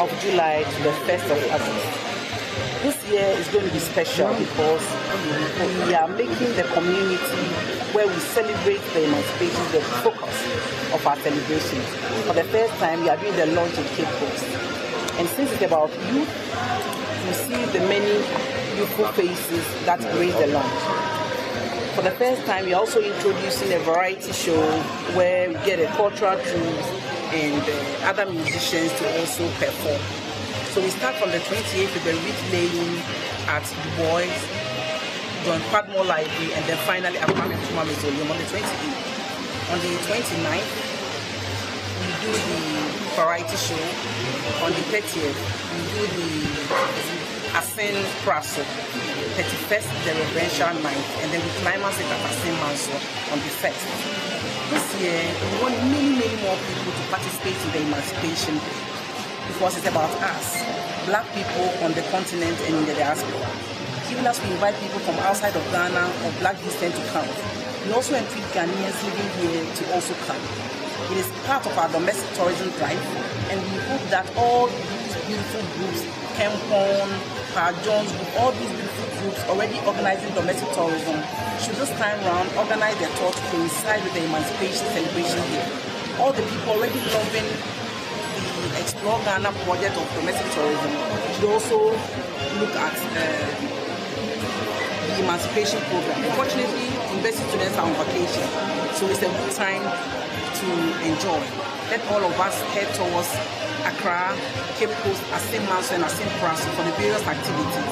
of July to the 1st of August. This year is going to be special because we are making the community where we celebrate the emancipation the focus of our celebration. For the first time, we are doing the launch in Cape Coast. And since it's about youth, you see the many youthful faces that grace the launch. For the first time, we're also introducing a variety show where we get a cultural troupe and uh, other musicians to also perform. So we start from the 28th with the rich laying at Du Bois, John Padmore Library, and then finally at Kwame Nkrumah Mausoleum on the 28th. On the 29th, we do the variety show. On the 30th, we do the Asin Praso, 31st Derobensha night, and then we climax it at Asin Mansour on the 1st. This year, we want many, many more people to participate in the emancipation because it's about us, black people on the continent and in the diaspora. Even as we invite people from outside of Ghana or black descent to come, we also entreat Ghanaians living here to also come. It is part of our domestic tourism drive, and we hope that all beautiful groups, Kempon, John's group, all these beautiful groups already organizing domestic tourism should this time round organize their tour to coincide with the Emancipation Celebration Day. All the people already loving the Explore Ghana project of domestic tourism should also look at uh, the emancipation program. Unfortunately, university students are on vacation, so it's a good time to enjoy. Let all of us head towards Accra, Cape Coast, Asim Manso, and Asim Praso for the various activities.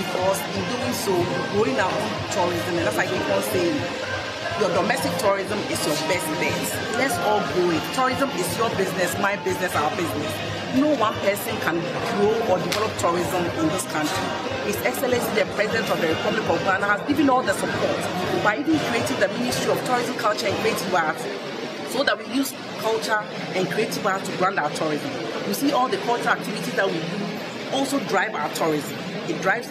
Because in doing so, we are growing our own tourism, and that's like keep on saying, your domestic tourism is your best bet. Let's all grow it. Tourism is your business, my business, our business. No one person can grow or develop tourism in this country. His Excellency, the President of the Republic of Ghana, has given all the support by even creating the Ministry of Tourism, Culture and Great Arts so that we use culture and creative art to brand our tourism. You see all the culture activities that we do also drive our tourism. It drives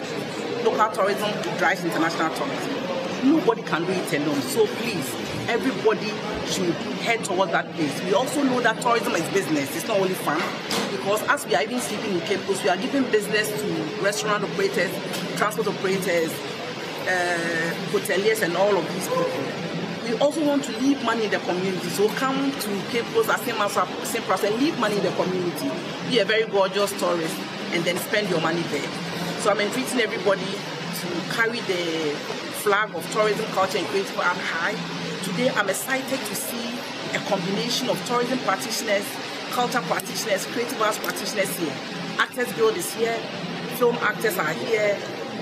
local tourism, it drives international tourism. Nobody can do it alone. So please, everybody should head towards that place. We also know that tourism is business, it's not only fun. Because as we are even sleeping in Cape Coast, we are giving business to restaurant operators, transport operators, uh, hoteliers, and all of these people we also want to leave money in the community. So come to Cape Coast as same as same process, leave money in the community. Be a very gorgeous tourist and then spend your money there. So I'm entreating everybody to carry the flag of tourism, culture and creative art high. Today I'm excited to see a combination of tourism practitioners, culture practitioners, creative arts practitioners here. Actors Guild is here, film actors are here,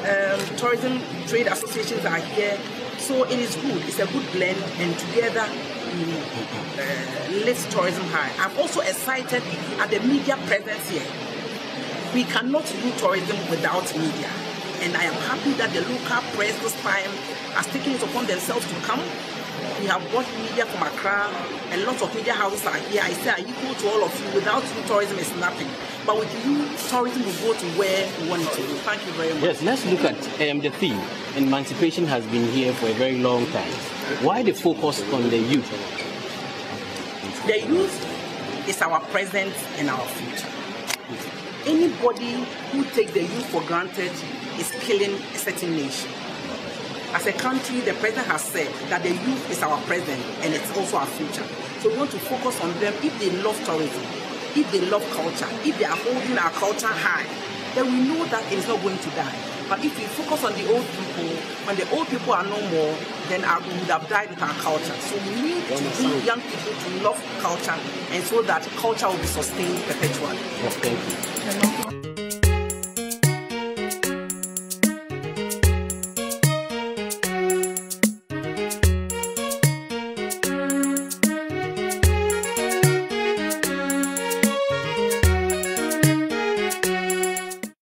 um, tourism trade associations are here, so it is good. It's a good blend, and together let mm, uh, tourism high. I'm also excited at the media presence here. We cannot do tourism without media. And I am happy that the local press this time has taken it upon themselves to come we have bought media from Accra. A lot of media houses are here. I say I equal to all of you. Without you, tourism is nothing. But with you, tourism will go to where we want it to go. Thank you very much. Yes, let's look at um, the theme. Emancipation has been here for a very long time. Why the focus on the youth? The youth is our present and our future. Anybody who takes the youth for granted is killing a certain nation. As a country, the president has said that the youth is our present and it's also our future. So we want to focus on them if they love tourism, if they love culture, if they are holding our culture high, then we know that it is not going to die. But if we focus on the old people, when the old people are no more, then our, we would have died with our culture. So we need to bring young people to love culture and so that culture will be sustained perpetually. thank you.